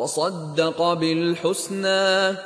وصدق بالحسنى